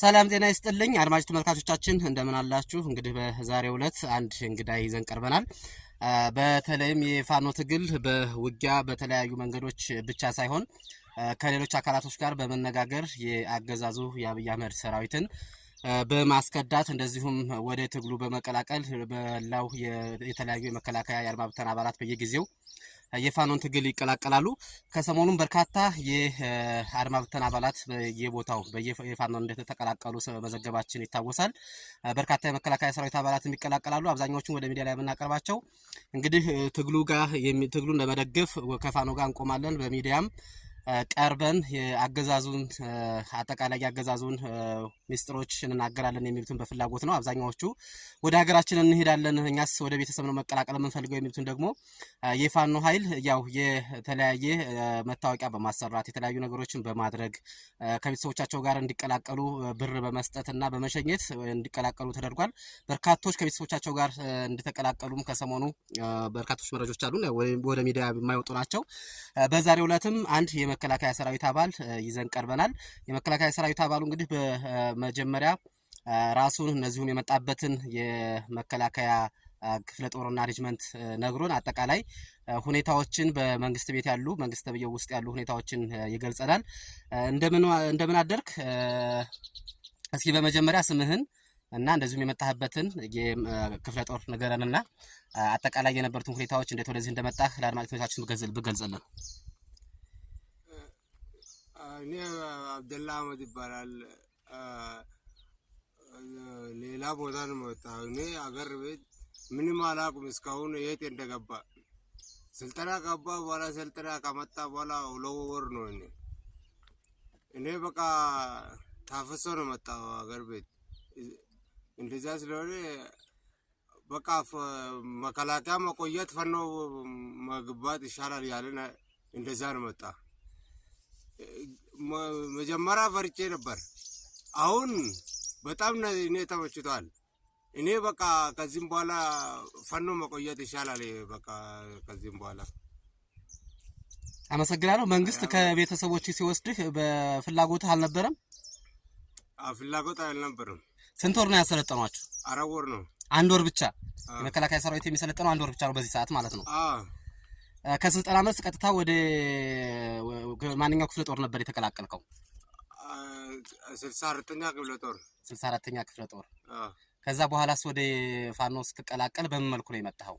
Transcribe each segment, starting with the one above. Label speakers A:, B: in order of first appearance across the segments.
A: ሰላም ጤና ይስጥልኝ አድማጭ ተመልካቾቻችን እንደምን አላችሁ? እንግዲህ በዛሬው ዕለት አንድ እንግዳ ይዘን ቀርበናል። በተለይም የፋኖ ትግል በውጊያ በተለያዩ መንገዶች ብቻ ሳይሆን ከሌሎች አካላቶች ጋር በመነጋገር የአገዛዙ የአብይ አህመድ ሰራዊትን በማስከዳት እንደዚሁም ወደ ትግሉ በመቀላቀል በላው የተለያዩ የመከላከያ የአድማ ብተና አባላት በየጊዜው የፋኖን ትግል ይቀላቀላሉ። ከሰሞኑም በርካታ የአድማ ብተን አባላት በየቦታው የፋኖን እንደተቀላቀሉ መዘገባችን ይታወሳል። በርካታ የመከላከያ ሰራዊት አባላት ይቀላቀላሉ። አብዛኛዎቹን ወደ ሚዲያ ላይ የምናቀርባቸው እንግዲህ ትግሉ ጋር ትግሉን ለመደገፍ ከፋኖ ጋር እንቆማለን በሚዲያም ቀርበን የአገዛዙን አጠቃላይ የአገዛዙን ሚስጥሮች እንናገራለን የሚሉትን በፍላጎት ነው። አብዛኛዎቹ ወደ ሀገራችን እንሄዳለን እኛስ ወደ ቤተሰብ ነው መቀላቀል የምንፈልገው የሚሉትን ደግሞ የፋኖ ኃይል ያው የተለያየ መታወቂያ በማሰራት የተለያዩ ነገሮችን በማድረግ ከቤተሰቦቻቸው ጋር እንዲቀላቀሉ ብር በመስጠት እና በመሸኘት እንዲቀላቀሉ ተደርጓል። በርካቶች ከቤተሰቦቻቸው ጋር እንደተቀላቀሉም ከሰሞኑ በርካቶች መረጃዎች አሉ፣ ወደ ሚዲያ የማይወጡ ናቸው። በዛሬው ዕለትም አንድ የመ የመከላከያ ሰራዊት አባል ይዘን ቀርበናል። የመከላከያ ሰራዊት አባሉ እንግዲህ በመጀመሪያ ራሱን እነዚሁም የመጣበትን የመከላከያ ክፍለ ጦርና ሬጅመንት ነግሮን አጠቃላይ ሁኔታዎችን በመንግስት ቤት ያሉ መንግስት ተብዬው ውስጥ ያሉ ሁኔታዎችን ይገልጸናል። እንደምን አደርክ? እስኪ በመጀመሪያ ስምህን እና እንደዚሁም የመጣህበትን የክፍለ ጦር ንገረንና አጠቃላይ የነበሩትን ሁኔታዎች እንዴት ወደዚህ እንደመጣህ ለአድማጮቻችን ብገልጽልን።
B: እኔ አብደላ አህመድ ይባላል። ሌላ ቦታ ነው መጣ። እኔ አገር ቤት ምንም አላውቅም እስካሁን የት እንደገባ። ስልጠና ገባ በኋላ ስልጠና ከመጣ በኋላ ሁለት ወር ነው። እኔ እኔ በቃ ታፍሶ ነው መጣው አገር ቤት። እንደዛ ስለሆነ በቃ መከላከያ መቆየት ፈኖ መግባት ይሻላል ያለን እንደዛ ነው መጣ መጀመሪያ ፈርቼ ነበር። አሁን በጣም እኔ ተመችቷል። እኔ በቃ ከዚህም በኋላ ፈኖ መቆየት ይሻላል። በቃ ከዚህም በኋላ
A: አመሰግናለሁ። መንግስት ከቤተሰቦች ሲወስድህ በፍላጎትህ አልነበረም?
B: ፍላጎት አልነበረም።
A: ስንት ወር ነው ያሰለጠኗችሁ? አራት ወር ነው። አንድ ወር ብቻ። የመከላከያ ሰራዊት የሚሰለጠነው አንድ ወር ብቻ ነው በዚህ ሰዓት ማለት ነው። ከስልጠና መልስ ቀጥታ ወደ ማንኛው ክፍለ ጦር ነበር የተቀላቀልከው?
B: ስልሳ አራተኛ ክፍለ ጦር
A: ስልሳ አራተኛ ክፍለ ጦር። ከዛ በኋላስ ወደ ፋኖ ስትቀላቀል በምን መልኩ ነው የመጣኸው?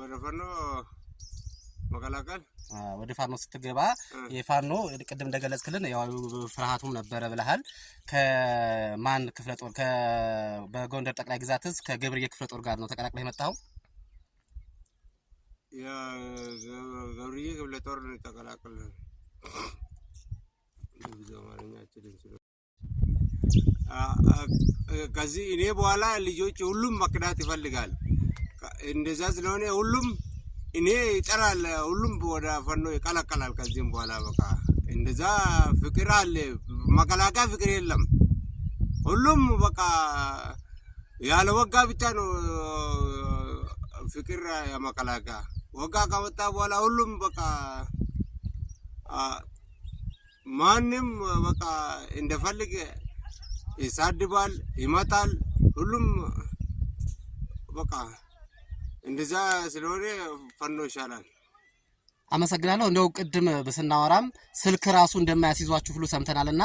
B: ወደ ፋኖ መቀላቀል
A: ወደ ፋኖ ስትገባ የፋኖ ቅድም እንደገለጽክልን ያው ፍርሃቱም ነበረ ብለሃል። ከማን ክፍለ ጦር? በጎንደር ጠቅላይ ግዛትስ ከገብርዬ ክፍለ ጦር ጋር ነው ተቀላቅለህ የመጣኸው?
B: ገብርዬ ክፍለ ጦር ተቀላቀለ። ከዚህ እኔ በኋላ ልጆች ሁሉም መክዳት ይፈልጋል። እንደዛ ስለሆነ ሁሉም እኔ ይጠራል። ሁሉም ወደ ፈኖ ይቀላቀላል። ከዚህም በኋላ በቃ እንደዛ ፍቅር አለ። መቀላቀያ ፍቅር የለም። ሁሉም በቃ ያለ ወጋ ብቻ ነው ፍቅር የመቀላቀያ ወጋ ከመጣ በኋላ ሁሉም በቃ ማንም በቃ እንደፈልግ ይሳድባል፣ ይመታል። ሁሉም በቃ እንደዛ ስለሆነ ፈኖ ይሻላል።
A: አመሰግናለሁ። እንደው ቅድም ስናወራም ስልክ ራሱ እንደማያስይዟችሁ ሁሉ ሰምተናል። እና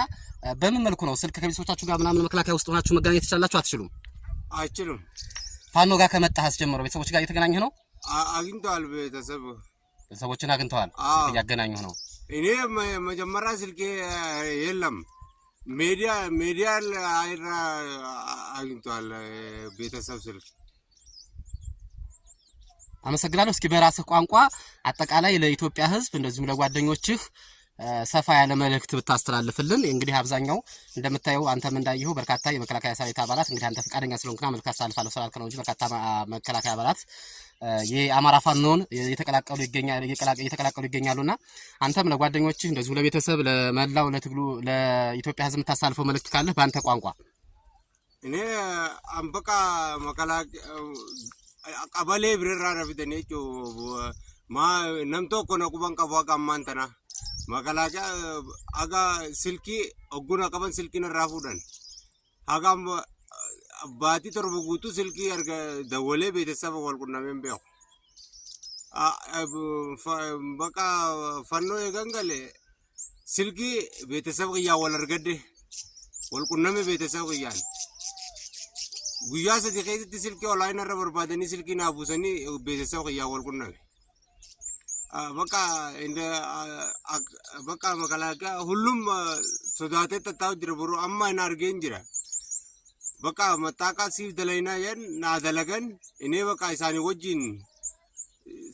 A: በምን መልኩ ነው ስልክ ከቤተሰቦቻችሁ ጋር ምናምን መከላከያ ውስጥ ሆናችሁ መገናኘት ትችላላችሁ? አትችሉም? አይችሉም። ፋኖ ጋር ከመጣህ አስጀምሮ ቤተሰቦች ጋር እየተገናኘህ ነው
B: አግኝተዋል። ቤተሰብ
A: ቤተሰቦችን አግኝተዋል። እያገናኙ ነው።
B: እኔ መጀመሪያ ስልኬ የለም። ሜዲያ ሜዲያ አይራ አግኝተዋል። ቤተሰብ ስልክ
A: አመሰግናለሁ። እስኪ በራስህ ቋንቋ አጠቃላይ ለኢትዮጵያ ሕዝብ እንደዚሁም ለጓደኞችህ ሰፋ ያለ መልእክት ብታስተላልፍልን። እንግዲህ አብዛኛው እንደምታየው አንተም እንዳየሁ በርካታ የመከላከያ ሰራዊት አባላት እንግዲህ አንተ ፈቃደኛ ስለሆንክና መልእክት አስተላልፋለሁ ስላልክ ነው እንጂ በርካታ መከላከያ አባላት የአማራ ፋኖን የተቀላቀሉ እየተቀላቀሉ ይገኛሉና አንተም ለጓደኞችህ እንደዚሁ ለቤተሰብ ለመላው ለትግሉ ለኢትዮጵያ ሕዝብ የምታስተላልፈው መልእክት ካለህ በአንተ ቋንቋ
B: እኔ አንበቃ መከላከያ ቀበሌ ብሬራ ነፊተኔ ማ ነምቶ ኮነ ቁበን ቀቧ ቀማንተና መቀላጫ አጋ ስልኪ oggun qaban silkiin irraa fuudhan hagam baatii torba guutuu silkii arga dawalee beetesaba wal qunnameen beeku. Baqa fannoo eegan galee silkii beetesaba qiyyaa wal argadde wal qunname beetesaba qiyyaan. Guyyaa sadii keessatti silkii olaanaa irra barbaadanii silkii naa buusanii beetesaba qiyyaa wal qunname. በቃ እንደ በቃ መከላከያ ሁሉም ሶዳቴ ጠጣው ጅርብሩ አማ እና አርጌን ጅረ በቃ መጣቃ ሲፍ ደለይና የን ናደለገን እኔ በቃ ኢሳኒ ወጅን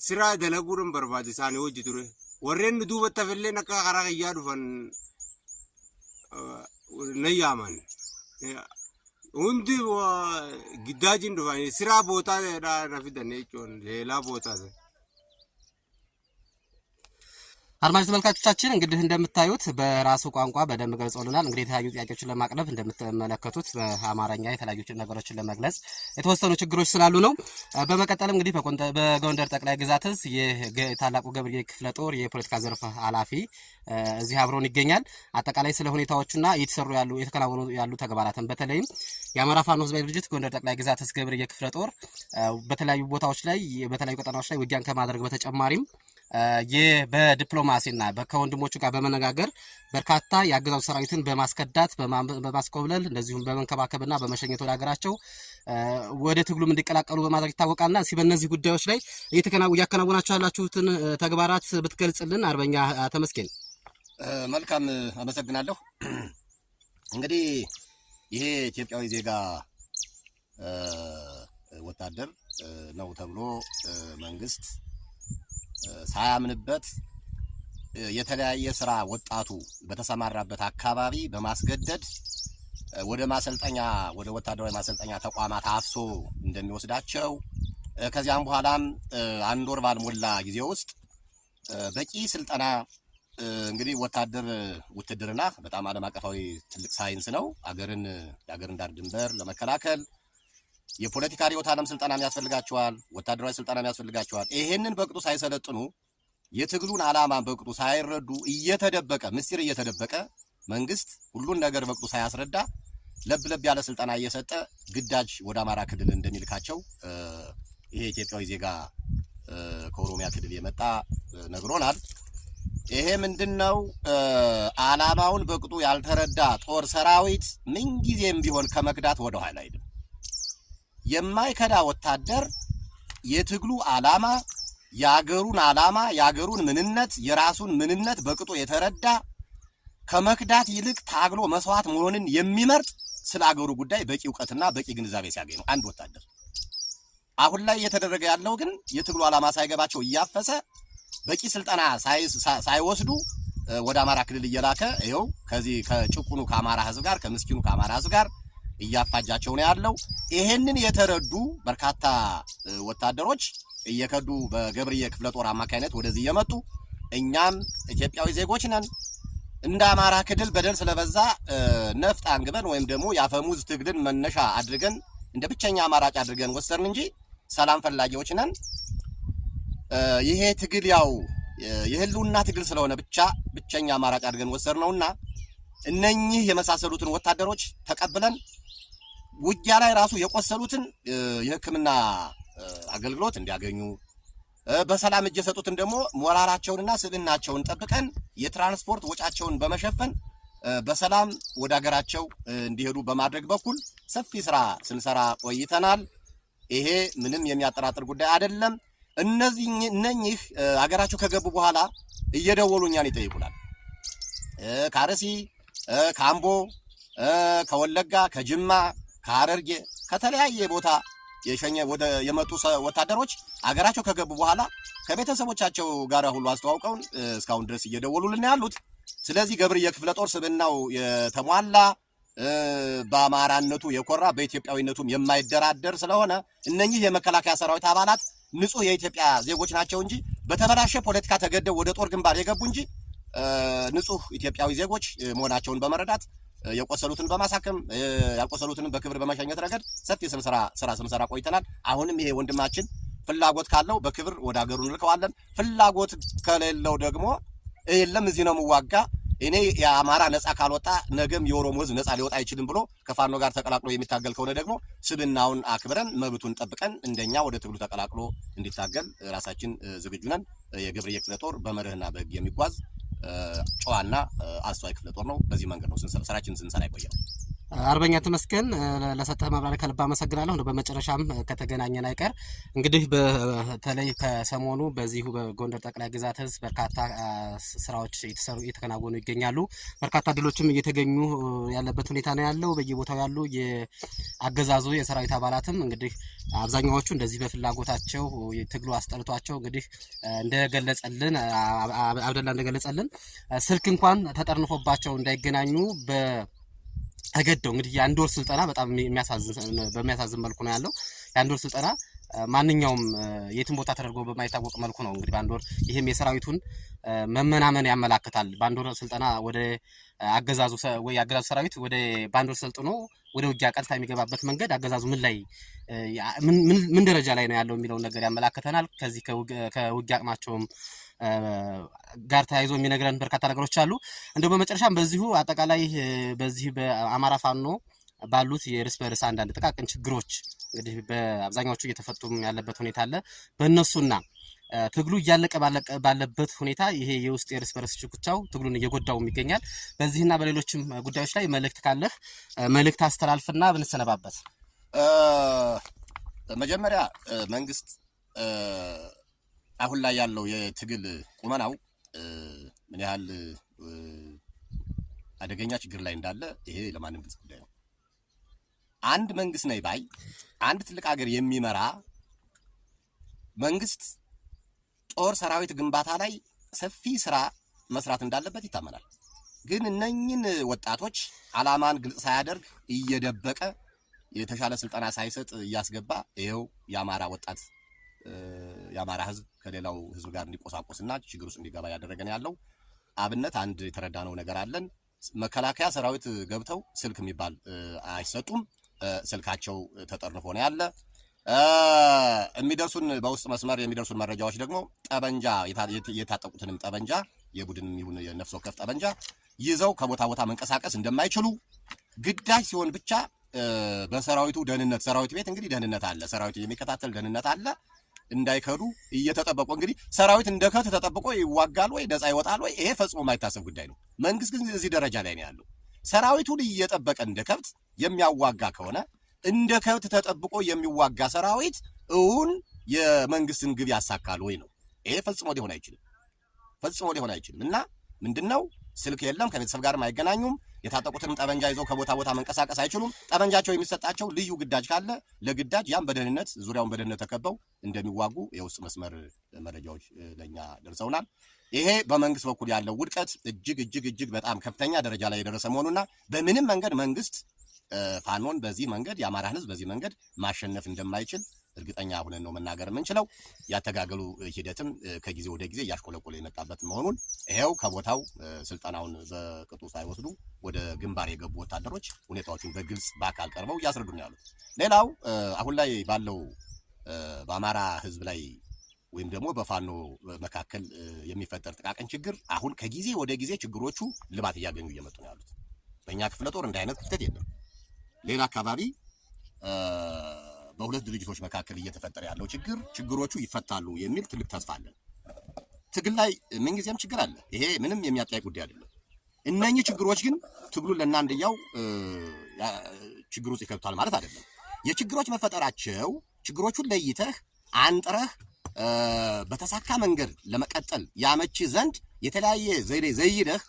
B: ስራ ደለጉርን በርባድ ኢሳኒ ወጅ ቱሬ ወሬን ዱበት ተፈሌ ነካ ቀራ ቅያ ዱፈን ነያማን ሁንዲ ግዳጅን ዱፋን ስራ ቦታ ረፊደነ ሌላ ቦታ
A: አድማጭ ተመልካቾቻችን እንግዲህ እንደምታዩት በራሱ ቋንቋ በደንብ ገልጾልናል። እንግዲህ የተለያዩ ጥያቄዎችን ለማቅረብ እንደምትመለከቱት በአማርኛ የተለያዩ ነገሮችን ለመግለጽ የተወሰኑ ችግሮች ስላሉ ነው። በመቀጠልም እንግዲህ በጎንደር ጠቅላይ ግዛትስ የታላቁ ገብርዬ ክፍለ ጦር የፖለቲካ ዘርፍ ኃላፊ እዚህ አብሮን ይገኛል። አጠቃላይ ስለ ሁኔታዎቹና እየተሰሩ ያሉ የተከናወኑ ያሉ ተግባራትን በተለይም የአማራ ፋኖ ህዝባዊ ድርጅት ጎንደር ጠቅላይ ግዛትስ ገብርዬ ክፍለ ጦር በተለያዩ ቦታዎች ላይ በተለያዩ ቀጠናዎች ላይ ውጊያን ከማድረግ በተጨማሪም በዲፕሎማሲና ከወንድሞቹ ጋር በመነጋገር በርካታ የአገዛዙ ሰራዊትን በማስከዳት በማስኮብለል እንደዚሁም በመንከባከብና በመሸኘት ወደ ሀገራቸው ወደ ትግሉም እንዲቀላቀሉ በማድረግ ይታወቃልና እስኪ በእነዚህ ጉዳዮች ላይ እያከናወናችሁ ያላችሁትን ተግባራት ብትገልጽልን አርበኛ ተመስገን።
C: መልካም አመሰግናለሁ። እንግዲህ ይሄ ኢትዮጵያዊ ዜጋ ወታደር ነው ተብሎ መንግስት ሳያምንበት የተለያየ ስራ ወጣቱ በተሰማራበት አካባቢ በማስገደድ ወደ ማሰልጠኛ ወደ ወታደራዊ ማሰልጠኛ ተቋማት አፍሶ እንደሚወስዳቸው ከዚያም በኋላም አንድ ወር ባልሞላ ጊዜ ውስጥ በቂ ስልጠና እንግዲህ ወታደር ውትድርና በጣም ዓለም አቀፋዊ ትልቅ ሳይንስ ነው። አገርን የአገርን ዳር ድንበር ለመከላከል የፖለቲካ ሪዮት ዓለም ስልጠናም ያስፈልጋቸዋል፣ ወታደራዊ ስልጠናም ያስፈልጋቸዋል። ይሄንን በቅጡ ሳይሰለጥኑ የትግሉን ዓላማ በቅጡ ሳይረዱ እየተደበቀ ምስጢር እየተደበቀ መንግስት ሁሉን ነገር በቅጡ ሳያስረዳ ለብ ለብ ያለ ስልጠና እየሰጠ ግዳጅ ወደ አማራ ክልል እንደሚልካቸው ይሄ ኢትዮጵያዊ ዜጋ ከኦሮሚያ ክልል የመጣ ነግሮናል። ይሄ ምንድን ነው? ዓላማውን በቅጡ ያልተረዳ ጦር ሰራዊት ምንጊዜም ቢሆን ከመክዳት ወደ ኋላ አይልም። የማይከዳ ወታደር የትግሉ ዓላማ የአገሩን ዓላማ የአገሩን ምንነት የራሱን ምንነት በቅጡ የተረዳ ከመክዳት ይልቅ ታግሎ መስዋዕት መሆንን የሚመርጥ ስለ አገሩ ጉዳይ በቂ እውቀትና በቂ ግንዛቤ ሲያገኝ ነው አንድ ወታደር። አሁን ላይ እየተደረገ ያለው ግን የትግሉ ዓላማ ሳይገባቸው እያፈሰ በቂ ስልጠና ሳይወስዱ ወደ አማራ ክልል እየላከ ይኸው ከዚህ ከጭቁኑ ከአማራ ህዝብ ጋር ከምስኪኑ ከአማራ ህዝብ ጋር እያፋጃቸው ነው ያለው። ይሄንን የተረዱ በርካታ ወታደሮች እየከዱ በገብርዬ ክፍለ ጦር አማካኝነት ወደዚህ እየመጡ እኛም ኢትዮጵያዊ ዜጎች ነን እንደ አማራ ክልል በደል ስለበዛ ነፍጥ አንግበን ወይም ደግሞ የአፈሙዝ ትግልን መነሻ አድርገን እንደ ብቸኛ አማራጭ አድርገን ወሰን እንጂ ሰላም ፈላጊዎች ነን። ይሄ ትግል ያው የህልውና ትግል ስለሆነ ብቻ ብቸኛ አማራጭ አድርገን ወሰን ነውና እነኚህ የመሳሰሉትን ወታደሮች ተቀብለን ውጊያ ላይ ራሱ የቆሰሉትን የሕክምና አገልግሎት እንዲያገኙ በሰላም እጅ የሰጡትን ደግሞ ሞራላቸውንና ስብዕናቸውን ጠብቀን የትራንስፖርት ወጫቸውን በመሸፈን በሰላም ወደ ሀገራቸው እንዲሄዱ በማድረግ በኩል ሰፊ ስራ ስንሰራ ቆይተናል። ይሄ ምንም የሚያጠራጥር ጉዳይ አይደለም። እነዚህ እነኚህ ሀገራቸው ከገቡ በኋላ እየደወሉ እኛን ይጠይቁናል። ከአርሲ፣ ከአምቦ፣ ከወለጋ፣ ከጅማ ከሐረርጌ ከተለያየ ቦታ የሸኘ ወደ የመጡ ወታደሮች አገራቸው ከገቡ በኋላ ከቤተሰቦቻቸው ጋር ሁሉ አስተዋውቀውን እስካሁን ድረስ እየደወሉልን ያሉት። ስለዚህ ገብርዬ ክፍለ ጦር ስብናው የተሟላ በአማራነቱ የኮራ በኢትዮጵያዊነቱም የማይደራደር ስለሆነ እነኚህ የመከላከያ ሰራዊት አባላት ንጹህ የኢትዮጵያ ዜጎች ናቸው እንጂ በተበላሸ ፖለቲካ ተገደው ወደ ጦር ግንባር የገቡ እንጂ ንጹህ ኢትዮጵያዊ ዜጎች መሆናቸውን በመረዳት የቆሰሉትን በማሳከም ያልቆሰሉትንም በክብር በመሸኘት ረገድ ሰፊ ስራ ስንሰራ ቆይተናል። አሁንም ይሄ ወንድማችን ፍላጎት ካለው በክብር ወደ ሀገሩ እንልከዋለን። ፍላጎት ከሌለው ደግሞ የለም እዚህ ነው የምዋጋ እኔ የአማራ ነፃ ካልወጣ ነገም የኦሮሞ ህዝብ ነፃ ሊወጣ አይችልም ብሎ ከፋኖ ጋር ተቀላቅሎ የሚታገል ከሆነ ደግሞ ስብናውን አክብረን መብቱን ጠብቀን እንደኛ ወደ ትግሉ ተቀላቅሎ እንዲታገል ራሳችን ዝግጁ ነን። የግብር የክፍለ ጦር በመርህና በህግ የሚጓዝ ጨዋና አስተዋይ ክፍለ ጦር ነው። በዚህ መንገድ ነው ስራችንን ስንሰራ ይቆያል።
A: አርበኛ ተመስገን ለሰጠህ ማብራሪያ ከልብ አመሰግናለሁ። ነው በመጨረሻም ከተገናኘን አይቀር እንግዲህ በተለይ ከሰሞኑ በዚሁ በጎንደር ጠቅላይ ግዛት ህዝብ በርካታ ስራዎች የተሰሩ እየተከናወኑ ይገኛሉ። በርካታ ድሎችም እየተገኙ ያለበት ሁኔታ ነው ያለው። በየቦታው ያሉ የአገዛዙ የሰራዊት አባላትም እንግዲህ አብዛኛዎቹ እንደዚህ በፍላጎታቸው ትግሉ አስጠልቷቸው እንግዲህ እንደገለጸልን አብደላ እንደገለጸልን ስልክ እንኳን ተጠርንፎባቸው እንዳይገናኙ በ ተገደው እንግዲህ የአንድ ወር ስልጠና በጣም በሚያሳዝን መልኩ ነው ያለው። የአንድ ወር ስልጠና ማንኛውም የትም ቦታ ተደርጎ በማይታወቅ መልኩ ነው እንግዲህ በአንድ ወር። ይህም የሰራዊቱን መመናመን ያመላክታል። በአንድ ወር ስልጠና ወደ አገዛዙ ወይ አገዛዙ ሰራዊት ወደ በአንድ ወር ሰልጥኖ ወደ ውጊያ ቀጥታ የሚገባበት መንገድ አገዛዙ ምን ላይ ምን ደረጃ ላይ ነው ያለው የሚለውን ነገር ያመላክተናል። ከዚህ ከውጊያ አቅማቸውም ጋር ተያይዞ የሚነግረን በርካታ ነገሮች አሉ። እንደው በመጨረሻም በዚሁ አጠቃላይ በዚህ በአማራ ፋኖ ባሉት የእርስ በርስ አንዳንድ ጥቃቅን ችግሮች እንግዲህ በአብዛኛዎቹ እየተፈቱም ያለበት ሁኔታ አለ። በእነሱና ትግሉ እያለቀ ባለበት ሁኔታ ይሄ የውስጥ የእርስ በርስ ችኩቻው ትግሉን እየጎዳውም ይገኛል። በዚህና በሌሎችም ጉዳዮች ላይ መልእክት ካለህ መልእክት አስተላልፍና ብንሰነባበት።
C: መጀመሪያ መንግስት አሁን ላይ ያለው የትግል ቁመናው ምን ያህል አደገኛ ችግር ላይ እንዳለ ይሄ ለማንም ግልጽ ጉዳይ ነው። አንድ መንግስት ነኝ ባይ አንድ ትልቅ ሀገር የሚመራ መንግስት ጦር ሰራዊት ግንባታ ላይ ሰፊ ስራ መስራት እንዳለበት ይታመናል። ግን እነኝን ወጣቶች አላማን ግልጽ ሳያደርግ እየደበቀ የተሻለ ስልጠና ሳይሰጥ እያስገባ ይኸው የአማራ ወጣት የአማራ ህዝብ ከሌላው ህዝብ ጋር እንዲቆሳቆስና ችግር ውስጥ እንዲገባ ያደረገን ያለው አብነት አንድ የተረዳነው ነገር አለን። መከላከያ ሰራዊት ገብተው ስልክ የሚባል አይሰጡም። ስልካቸው ተጠርንፎ ነው ያለ። የሚደርሱን በውስጥ መስመር የሚደርሱን መረጃዎች ደግሞ ጠበንጃ የታጠቁትንም ጠበንጃ የቡድንም ይሁን የነፍስ ወከፍ ጠበንጃ ይዘው ከቦታ ቦታ መንቀሳቀስ እንደማይችሉ ግዳጅ ሲሆን ብቻ በሰራዊቱ ደህንነት ሰራዊት ቤት እንግዲህ ደህንነት አለ፣ ሰራዊቱ የሚከታተል ደህንነት አለ። እንዳይከዱ እየተጠበቁ እንግዲህ ሰራዊት እንደ ተጠብቆ ይዋጋል ወይ ነፃ ይወጣል ወይ? ይሄ ፈጽሞ የማይታሰብ ጉዳይ ነው። መንግስት ግን እዚህ ደረጃ ላይ ነው ያለው። ሰራዊቱን እየጠበቀ እንደ ከብት የሚያዋጋ ከሆነ እንደ ከብት ተጠብቆ የሚዋጋ ሰራዊት እውን የመንግስትን ግብ ያሳካል ወይ ነው። ይሄ ፈጽሞ ሊሆን አይችልም፣ ፈጽሞ ሊሆን አይችልም። እና ምንድን ነው ስልክ የለም፣ ከቤተሰብ ጋርም አይገናኙም። የታጠቁትንም ጠመንጃ ይዘው ከቦታ ቦታ መንቀሳቀስ አይችሉም። ጠመንጃቸው የሚሰጣቸው ልዩ ግዳጅ ካለ ለግዳጅ ያም በደህንነት ዙሪያውን በደህንነት ተከበው እንደሚዋጉ የውስጥ መስመር መረጃዎች ለእኛ ደርሰውናል። ይሄ በመንግስት በኩል ያለው ውድቀት እጅግ እጅግ እጅግ በጣም ከፍተኛ ደረጃ ላይ የደረሰ መሆኑና በምንም መንገድ መንግስት ፋኖን በዚህ መንገድ የአማራን ህዝብ በዚህ መንገድ ማሸነፍ እንደማይችል እርግጠኛ ሁነን ነው መናገር የምንችለው። ያተጋገሉ ሂደትም ከጊዜ ወደ ጊዜ እያሽቆለቆለ የመጣበት መሆኑን ይኸው ከቦታው ስልጠናውን በቅጡ ሳይወስዱ ወደ ግንባር የገቡ ወታደሮች ሁኔታዎቹን በግልጽ በአካል ቀርበው እያስረዱ ነው ያሉት። ሌላው አሁን ላይ ባለው በአማራ ህዝብ ላይ ወይም ደግሞ በፋኖ መካከል የሚፈጠር ጥቃቅን ችግር አሁን ከጊዜ ወደ ጊዜ ችግሮቹ ልባት እያገኙ እየመጡ ነው ያሉት። በእኛ ክፍለ ጦር እንዲህ አይነት ክፍተት የለም። ሌላ አካባቢ በሁለት ድርጅቶች መካከል እየተፈጠረ ያለው ችግር ችግሮቹ ይፈታሉ የሚል ትልቅ ተስፋ አለን። ትግል ላይ ምንጊዜም ችግር አለ። ይሄ ምንም የሚያጠያይ ጉዳይ አይደለም። እነኚህ ችግሮች ግን ትግሉን ለእናንድያው ችግር ውስጥ ይከብቷል ማለት አይደለም። የችግሮች መፈጠራቸው ችግሮቹን ለይተህ አንጥረህ በተሳካ መንገድ ለመቀጠል ያመች ዘንድ የተለያየ ዘዴ ዘይደህ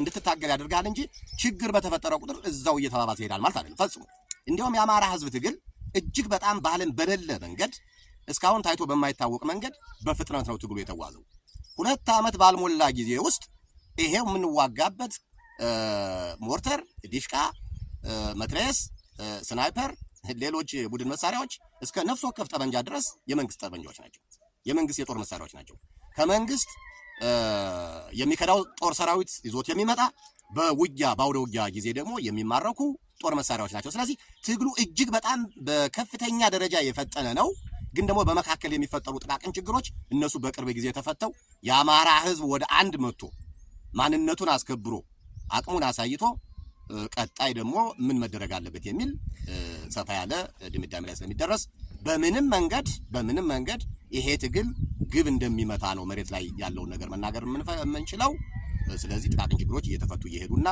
C: እንድትታገል ያደርጋል እንጂ ችግር በተፈጠረ ቁጥር እዛው እየተባባሰ ይሄዳል ማለት አይደለም። ፈጽሞ እንዲያውም የአማራ ህዝብ ትግል እጅግ በጣም በዓለም በሌለ መንገድ እስካሁን ታይቶ በማይታወቅ መንገድ በፍጥነት ነው ትግሉ የተዋዘው። ሁለት ዓመት ባልሞላ ጊዜ ውስጥ ይሄው የምንዋጋበት ሞርተር፣ ዲሽቃ፣ መትረየስ፣ ስናይፐር፣ ሌሎች ቡድን መሳሪያዎች እስከ ነፍስ ወከፍ ጠመንጃ ድረስ የመንግስት ጠመንጃዎች ናቸው። የመንግስት የጦር መሳሪያዎች ናቸው። ከመንግስት የሚከዳው ጦር ሰራዊት ይዞት የሚመጣ በውጊያ በአውደ ውጊያ ጊዜ ደግሞ የሚማረኩ ጦር መሳሪያዎች ናቸው። ስለዚህ ትግሉ እጅግ በጣም በከፍተኛ ደረጃ የፈጠነ ነው። ግን ደግሞ በመካከል የሚፈጠሩ ጥቃቅን ችግሮች እነሱ በቅርብ ጊዜ ተፈተው የአማራ ህዝብ ወደ አንድ መጥቶ ማንነቱን አስከብሮ አቅሙን አሳይቶ ቀጣይ ደግሞ ምን መደረግ አለበት የሚል ሰፋ ያለ ድምዳሜ ላይ ስለሚደረስ በምንም መንገድ በምንም መንገድ ይሄ ትግል ግብ እንደሚመታ ነው መሬት ላይ ያለውን ነገር መናገር የምንችለው። ስለዚህ ጥቃቅን ችግሮች እየተፈቱ እየሄዱና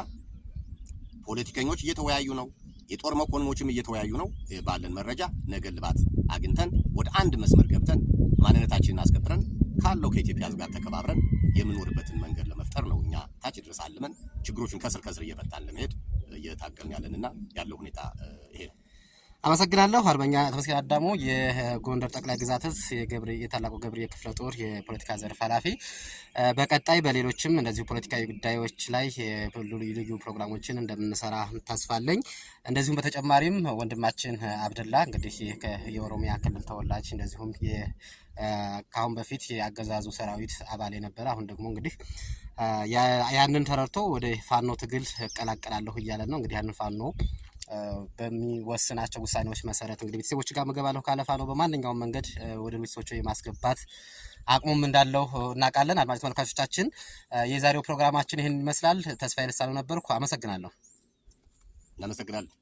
C: ፖለቲከኞች እየተወያዩ ነው። የጦር መኮንኖችም እየተወያዩ ነው። ባለን መረጃ ነገ ልባት አግኝተን ወደ አንድ መስመር ገብተን ማንነታችንን አስከብረን ካለው ከኢትዮጵያ ሕዝብ ጋር ተከባብረን የምንኖርበትን መንገድ ለመፍጠር ነው። እኛ ታች ድረስ አልመን ችግሮችን ከስር ከስር እየፈታን ለመሄድ እየታገልን ያለንና ያለው ሁኔታ ይሄ ነው።
A: አመሰግናለሁ። አርበኛ ተመስገን አዳሞ የጎንደር ጠቅላይ ግዛት እዝ የታላቁ ገብርዬ ክፍለ ጦር የፖለቲካ ዘርፍ ኃላፊ፣ በቀጣይ በሌሎችም እንደዚሁ ፖለቲካዊ ጉዳዮች ላይ ልዩ ልዩ ፕሮግራሞችን እንደምንሰራ ተስፋለኝ። እንደዚሁም በተጨማሪም ወንድማችን አብድላ እንግዲህ የኦሮሚያ ክልል ተወላጅ እንደዚሁም ከአሁን በፊት የአገዛዙ ሰራዊት አባል የነበረ አሁን ደግሞ እንግዲህ ያንን ተረድቶ ወደ ፋኖ ትግል እቀላቀላለሁ እያለ ነው። እንግዲህ ያንን ፋኖ በሚወስናቸው ውሳኔዎች መሰረት እንግዲህ ቤተሰቦች ጋር መገባለሁ ካለፋ ነው በማንኛውም መንገድ ወደ ቤተሰቦች የማስገባት አቅሙም እንዳለው እናውቃለን። አድማጭ ተመልካቾቻችን የዛሬው ፕሮግራማችን ይህን ይመስላል። ተስፋዬ ልሳነው ነበርኩ። አመሰግናለሁ። እናመሰግናለን።